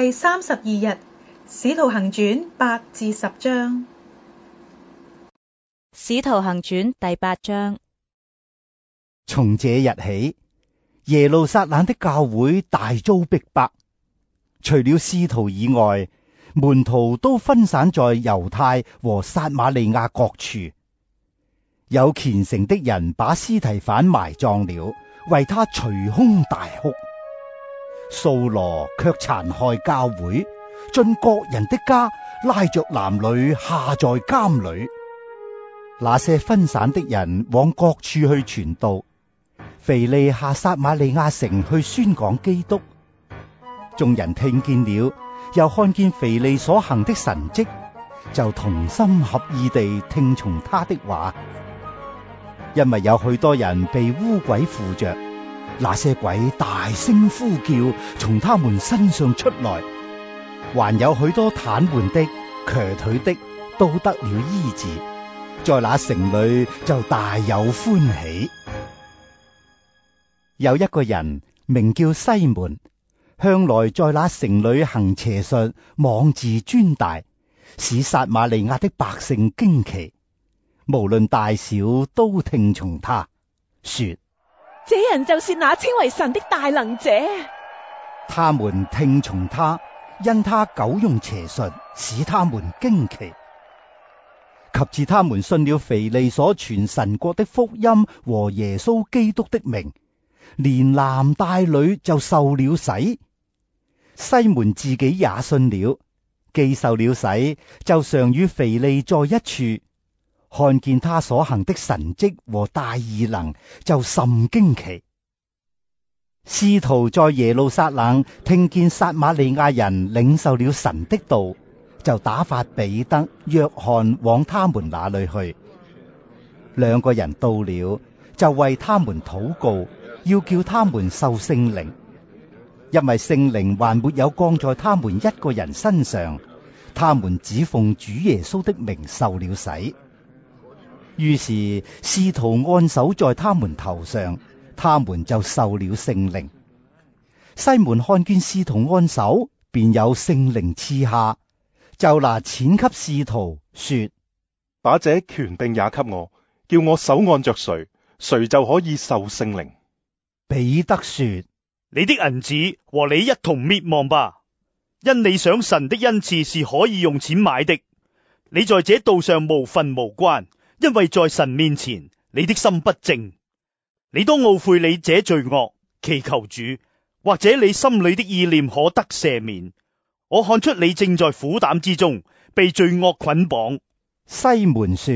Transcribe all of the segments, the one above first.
第三十二日，《使徒行傳》八至十章，《使徒行傳》第八章。從這日起，耶路撒冷的教會大遭逼迫，除了使徒以外，門徒都分散在猶太和撒瑪利亞各處。有虔誠的人把斯提反埋葬了，為他捶胸大哭。掃羅卻殘害教會，進各人的家，拉着男女下在監裏。那些分散的人往各處去傳道，腓利下撒瑪利亞城去宣講基督。眾人聽見了，又看見腓利所行的神跡，就同心合意地聽從他的話。因為有許多人被污鬼附着。那些鬼大聲呼叫，從他們身上出來，還有許多癱瘓的、瘸腿的都得了醫治，在那城裏就大有歡喜。 有一個人名叫西門，向來在那城裏行邪術，妄自尊大，使撒瑪利亞的百姓驚奇，無論大小都聽從他，說：這人就是那稱為神的大能者。他們聽從他，因他久用邪術，使他們驚奇，及至他們信了腓利所傳神國的福音和耶穌基督的名，連男帶女就受了洗。西門自己也信了，既受了洗，就常與腓利在一處。看見他所行的神蹟和大異能，就甚驚奇。使徒在耶路撒冷聽見撒瑪利亞人領受了神的道，就打發彼得、約翰往他們那裏去。兩個人到了，就為他們禱告，要叫他們受聖靈，因為聖靈還沒有降在他們一個人身上，他們只奉主耶穌的名受了洗。於是使徒按手在他們頭上，他們就受了聖靈。西門看見使徒按手，便有聖靈賜下，就拿錢給使徒說：把這權柄也給我，叫我手按着誰，誰就可以受聖靈。彼得說：你的銀子和你一同滅亡吧，因你想神的恩賜是可以用錢買的，你在這道上無分無關。因為在神面前，你的心不正，你都懊悔你這罪惡，祈求主，或者你心裏的意念可得赦免。我看出你正在苦膽之中，被罪惡捆綁。西門說：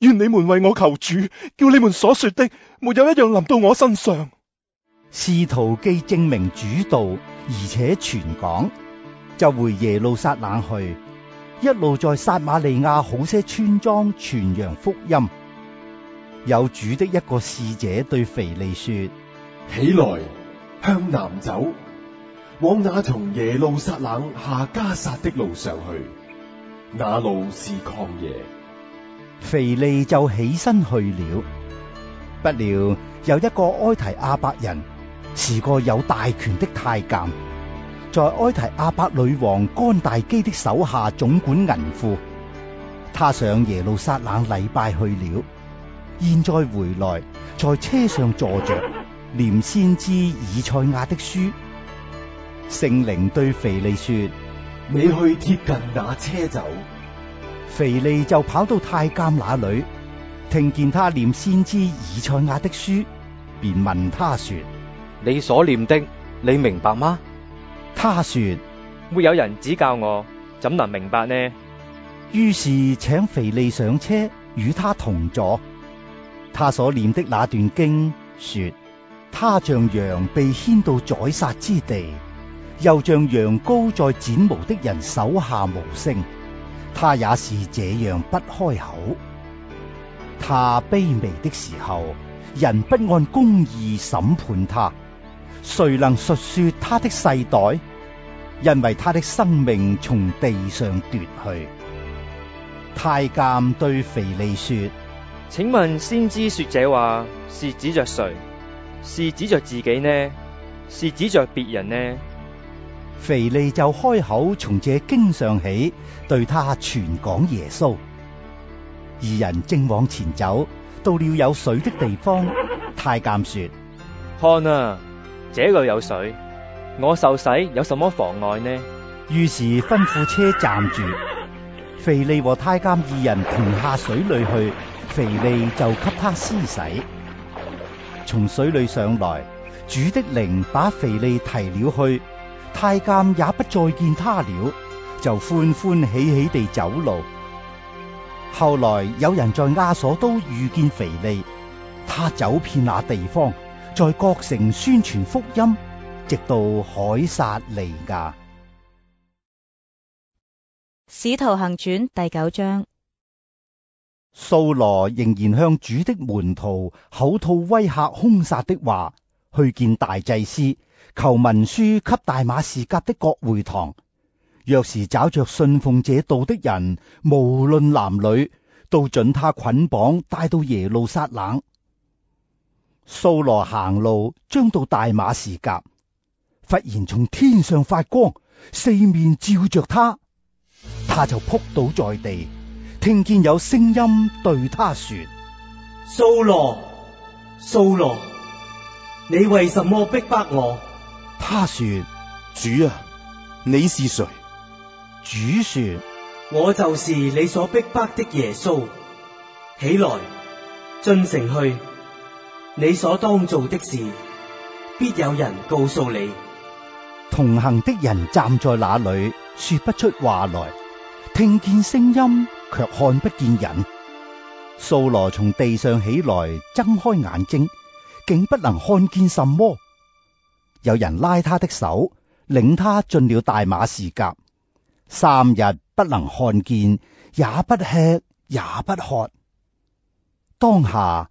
願你們為我求主，叫你們所說的沒有一樣臨到我身上。使徒既證明主道，而且傳講就回耶路撒冷去。一路在撒瑪利亞好些村莊傳揚福音，有主的一個使者對腓利說：起來，向南走，往那從耶路撒冷下迦薩的路上去，那路是曠野。腓利就起身去了。不料有一個埃提阿伯人，是個有大權的太監。在埃提阿伯女王干大基的手下總管銀庫，他上耶路撒冷禮拜去了，現在回來，在車上坐着念先知以賽亞的書。聖靈對腓利說：你去貼近那車走。腓利就跑到太監那裏，聽見他念先知以賽亞的書，便問他說：你所念的，你明白嗎？他說：沒有人指教我，怎能明白呢？於是請肥利上車，與他同坐。他所念的那段經說：他像羊被牽到宰殺之地，又像羊羔在剪毛的人手下無聲。他也是這樣不開口。他卑微的時候，人不按公義審判他。誰能述說他的世代？因為他的生命從地上奪去。太監對腓利說：請問先知說這話是指着誰？是指着自己呢？是指着別人呢？腓利就開口從這經上起，對他傳講耶穌。二人正往前走，到了有水的地方，太監說：看啊！這裏有水，我受洗有什麼妨礙呢？於是吩咐車站住，肥利和太監二人同下水裏去，肥利就給他施洗。從水裏上來，主的靈把肥利提了去，太監也不再見他了，就歡歡喜喜地走路。後來有人在亞索都遇見肥利，他走遍那地方。在各城宣傳福音，直到該撒利亞。使徒行傳第九章。掃羅仍然向主的門徒口吐威嚇、兇殺的話，去見大祭司，求文書給大馬士革的各會堂，若是找着信奉這道的人，無論男女，都准他捆綁，帶到耶路撒冷。蘇羅行路，將到大馬士革，忽然從天上發光，四面照着他，他就撲倒在地，聽見有聲音對他說：蘇羅，蘇羅，你為什麼逼迫我？他說：主啊，你是誰？主說：我就是你所逼迫的耶穌。起來，進城去。你所當做的事，必有人告訴你。同行的人站在那裏，說不出話來，聽見聲音卻看不見人。掃羅從地上起來，睜開眼睛，竟不能看見什麼。有人拉他的手，領他進了大馬士革。三日不能看見，也不吃，也不喝。當下。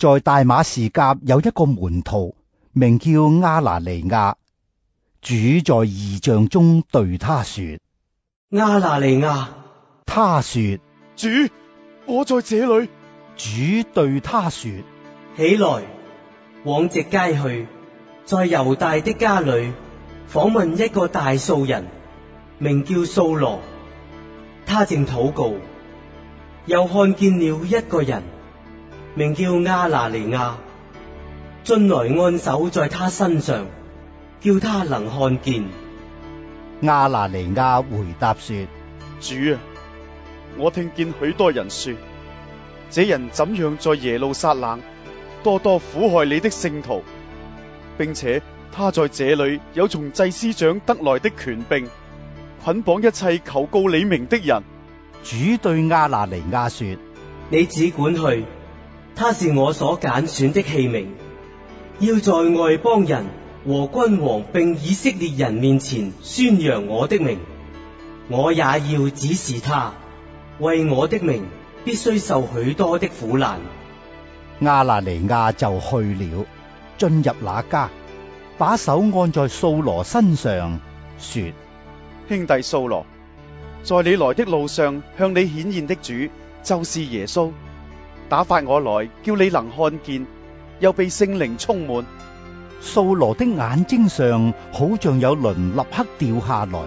在大馬士革有一個門徒，名叫亞拿尼亞。主在異象中對他說：亞拿尼亞，他說：主，我在這裏。主對他說：起來，往直街去，在猶大的家裏訪問一個大數人，名叫掃羅。他正禱告，又看見了一個人。名叫阿拿尼亞，進來按手在他身上，叫他能看見。阿拿尼亞回答說：主啊，我聽見許多人說，這人怎樣在耶路撒冷多多苦害你的聖徒，並且他在這裏有從祭司長得來的權柄，捆綁一切求告你名的人。主對阿拿尼亞說：你只管去。他是我所揀選的器皿，要在外邦人和君王並以色列人面前宣揚我的名，我也要指示他，為我的名必須受許多的苦難。亞拿尼亞就去了，進入那家，把手按在掃羅身上，說：兄弟掃羅，在你來的路上，向你顯現的主就是耶穌。打發我來，叫你能看見，又被聖靈充滿。掃羅的眼睛上好像有鱗，立刻掉下來，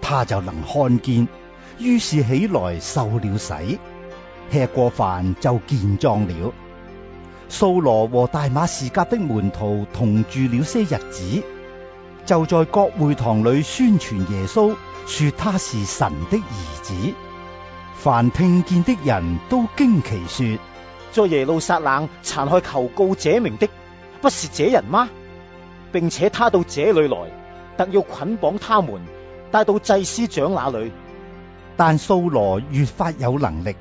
他就能看見。於是起來受了洗，吃過飯就健壯了。掃羅和大馬士革的門徒同住了些日子，就在各會堂裏宣傳耶穌，說他是神的兒子。凡聽見的人都驚奇說。在耶路撒冷殘害求告這名的，不是這人嗎？並且他到這裏來，特要捆綁他們，帶到祭司長那裏。但掃羅越發有能力，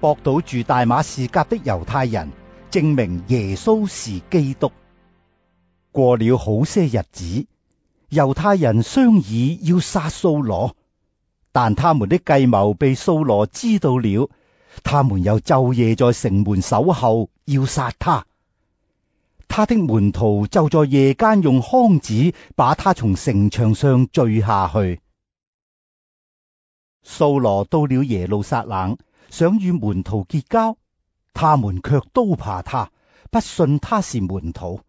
駁倒住大馬士革的猶太人，證明耶穌是基督。過了好些日子，猶太人商議要殺掃羅，但他們的計謀被掃羅知道了。他們又晝夜在城門守候，要殺他。他的門徒就在夜間用筐子把他從城牆上墜下去。掃羅到了耶路撒冷，想與門徒結交，他們卻都怕他，不信他是門徒。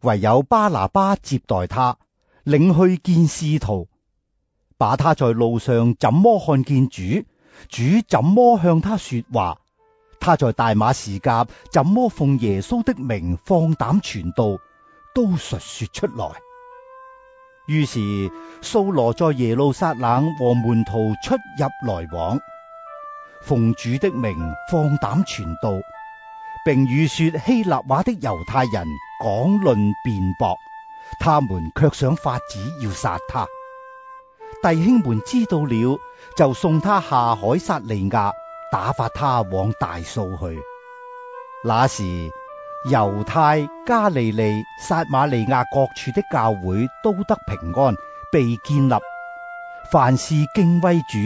唯有巴拿巴接待他，領去見使徒，把他在路上怎麼看見主。主怎麼向他說話？他在大馬士革怎麼奉耶穌的名放膽傳道，都述說出來。於是，掃羅在耶路撒冷和門徒出入來往，奉主的名放膽傳道，並與說希臘話的猶太人講論辯駁，他們卻想法子要殺他。弟兄們知道了，就送他下該撒利亞，打發他往大數去。那時，猶太、加利利、撒瑪利亞各處的教會都得平安，被建立，凡事敬畏主、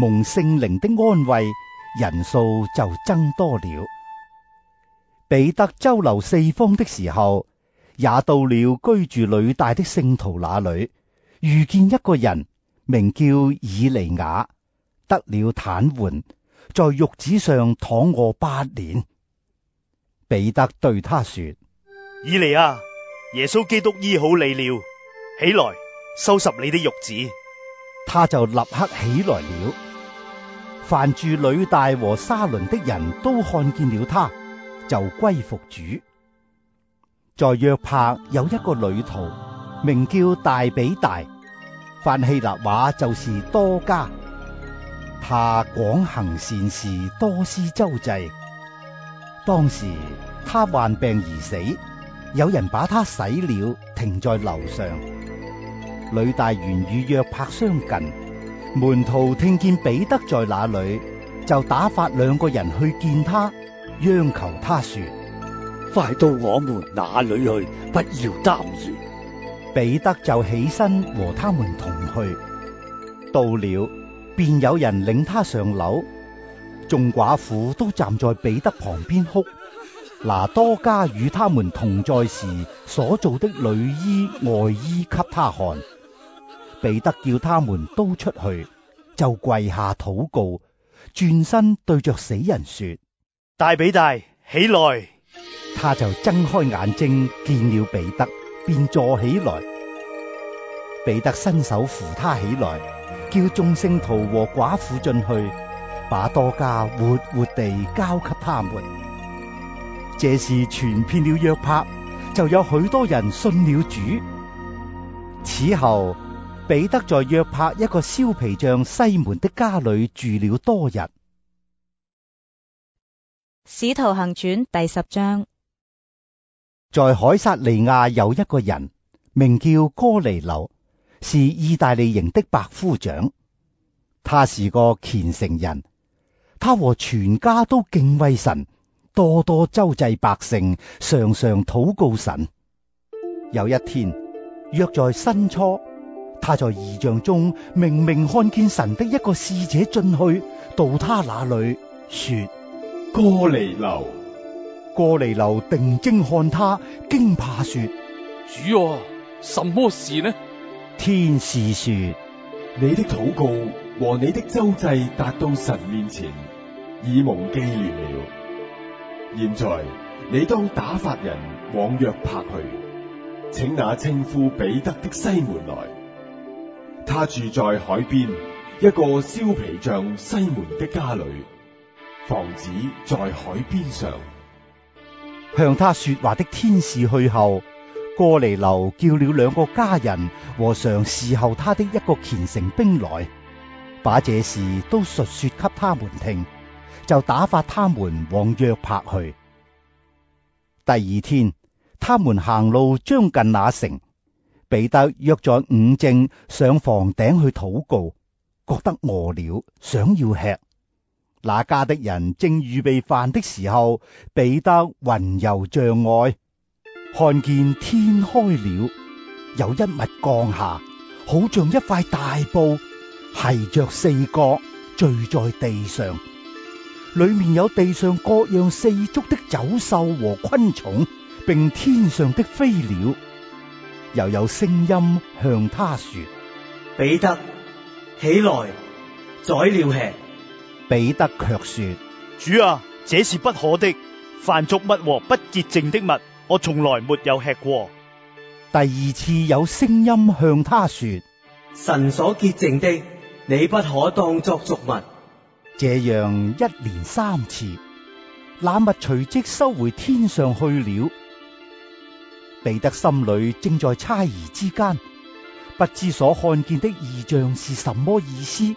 蒙聖靈的安慰，人數就增多了。彼得周流四方的時候，也到了居住呂大的聖徒那裏，遇見一個人。名叫以尼雅，得了癱瘓，在褥子上躺臥八年。彼得對他說：以尼雅，耶穌基督醫好你了，起來收拾你的褥子。他就立刻起來了。凡住呂大和沙崙的人都看見了他，就歸服主。在約帕有一個女徒，名叫大比大。翻希臘話就是多加，他廣行善事，多施周濟。當時他患病而死，有人把他洗了，停在樓上。呂大元與約帕相近，門徒聽見彼得在那裏，就打發兩個人去見他，央求他說：快到我們那裏去，不要耽延。彼得就起身和他們同去，到了，便有人領他上樓，眾寡婦都站在彼得旁邊哭，拿多加與他們同在時所做的裏衣外衣給他看，彼得叫他們都出去，就跪下禱告，轉身對着死人說：大比大起來！他就睜開眼睛見了彼得。便坐起來，彼得伸手扶他起來，叫眾聖徒和寡婦進去，把多加活活地交給他們。這事傳遍了約帕，就有許多人信了主。此後，彼得在約帕一個燒皮匠西門的家裏住了多日。《使徒行傳》第十章。在凱撒利亞有一個人，名叫哥尼流，是意大利營的百夫長。他是個虔誠人，他和全家都敬畏神，多多周濟百姓，常常禱告神。有一天，約在新初，他在異象中明明看見神的一個使者進去到他那裏，說：哥尼流。過尼流定睛看他，驚怕說：主啊，什麼事呢？天使說：你的禱告和你的周濟達到神面前，已蒙記念了。現在你當打發人往約帕去，請那稱呼彼得的西門來，他住在海邊一個燒皮匠西門的家裏，房子在海邊上。向他說話的天使去後，哥尼流叫了兩個家人和常侍候他的一個虔誠兵來，把這事都述說給他們聽，就打發他們往約帕去。第二天，他們行路將近那城，彼得約在午正上房頂去禱告，覺得餓了，想要吃。那家的人正預備飯的時候，彼得魂遊象外，看見天開了，有一物降下，好像一塊大布，繫着四角，縋在地上，裏面有地上各樣四足的走獸和昆蟲，並天上的飛鳥，又有聲音向他說：彼得，起來，宰了吃。彼得卻說：主啊，這是不可的，凡俗物和不潔淨的物，我從來沒有吃過。第二次有聲音向他說：神所潔淨的，你不可當作俗物。這樣一連三次，那物隨即收回天上去了。彼得心裏正在猜疑之間，不知所看見的異象是什麼意思。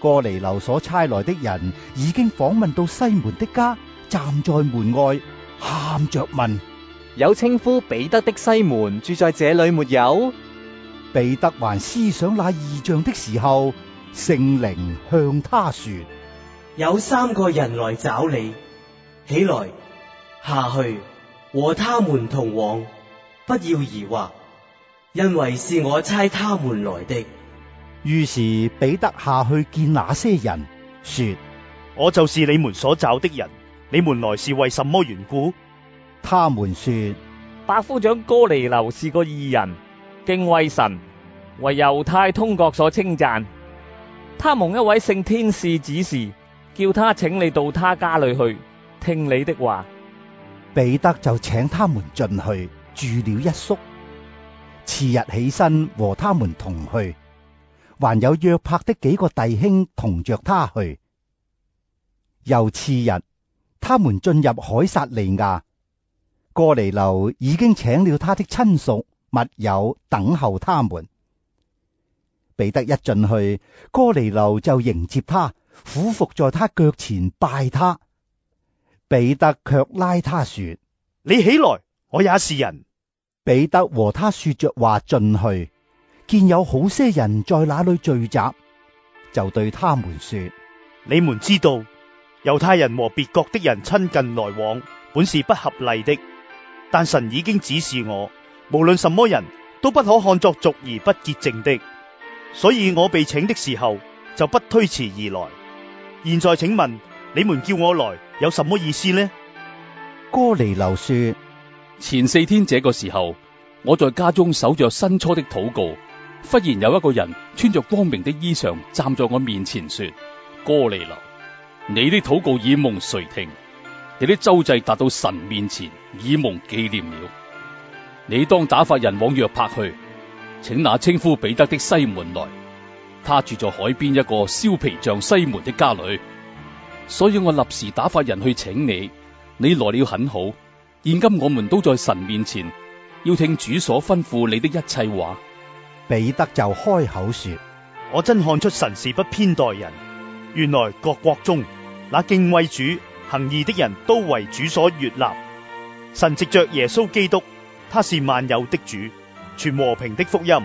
過尼流所差來的人，已經訪問到西門的家，站在門外喊着問：有稱呼彼得的西門住在這裏沒有？彼得還思想那異象的時候，聖靈向他說：有三個人來找你，起來下去和他們同往，不要疑惑，因為是我差他們來的。於是彼得下去見那些人，說，我就是你們所找的人。你們來是為什麼緣故？他們說：百夫長哥尼流是個義人，敬畏神，為猶太通國所稱讚。他蒙一位聖天使指示，叫他請你到他家裏去聽你的話。彼得就請他們進去住了一宿。次日起身和他們同去。還有約帕的幾個弟兄同着他去。又次日，他們進入凱撒利亞，哥尼流已經請了他的親屬、密友等候他們。彼得一進去，哥尼流就迎接他，俯伏在他腳前拜他。彼得卻拉他說：你起來，我也是人。彼得和他說着話進去。見有好些人在那裏聚集，就對他們說：你們知道猶太人和別國的人親近來往，本是不合理的。但神已經指示我，無論什麼人都不可看作俗而不潔淨的。所以我被請的時候，就不推辭而來。現在請問你們叫我來有什麼意思呢？哥尼流說：前四天這個時候，我在家中守着申初的禱告。忽然有一個人穿着光明的衣裳站在我面前說：哥尼流，你的禱告已蒙垂聽，你的賙濟達到神面前已蒙紀念了。你當打發人往約帕去，請那稱呼彼得的西門來，他住在海邊一個硝皮匠西門的家裏。所以我立時打發人去請你，你來了很好。現今我們都在神面前，要聽主所吩咐你的一切話。彼得就開口說：我真看出神是不偏待人。原來各國中那敬畏主、行義的人都為主所悅納。神藉着耶穌基督，他是萬有的主，全和平的福音，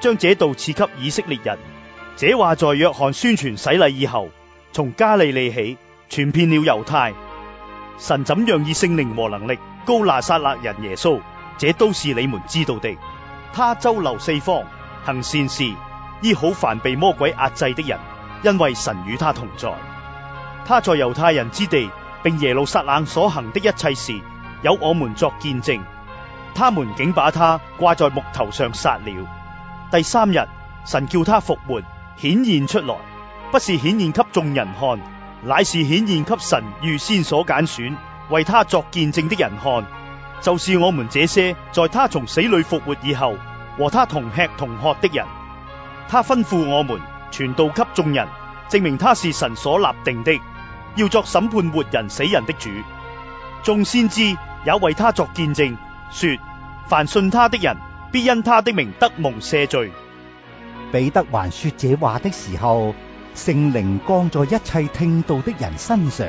將這道賜給以色列人。這話在約翰宣傳洗禮以後，從加利利起，傳遍了猶太。神怎樣以聖靈和能力高拿撒勒人耶穌，這都是你們知道的。他周流四方。行善事，醫好凡被魔鬼壓制的人，因為神與他同在。他在猶太人之地，並耶路撒冷所行的一切事，有我們作見證。他們竟把他掛在木頭上殺了。第三日，神叫他復活，顯現出來，不是顯現給眾人看，乃是顯現給神預先所揀選為他作見證的人看，就是我們這些在他從死裏復活以後。和他同吃同喝的人，他吩咐我們傳道給眾人，證明他是神所立定的，要作審判活人死人的主。眾先知也為他作見證，說：凡信他的人，必因他的名得蒙赦罪。彼得還說這話的時候，聖靈降在一切聽到的人身上。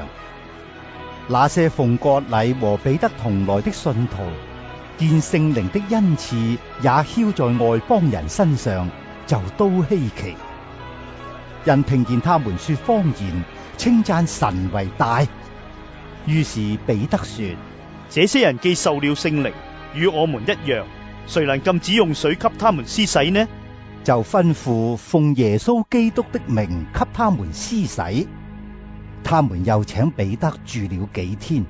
那些奉割禮和彼得同來的信徒。見聖靈的恩賜也澆在外邦人身上，就都稀奇。因聽見他們說方言，稱讚神為大，於是彼得說：這些人既受了聖靈，與我們一樣，誰能禁止用水給他們施洗呢？就吩咐奉耶穌基督的名給他們施洗。他們又請彼得住了幾天。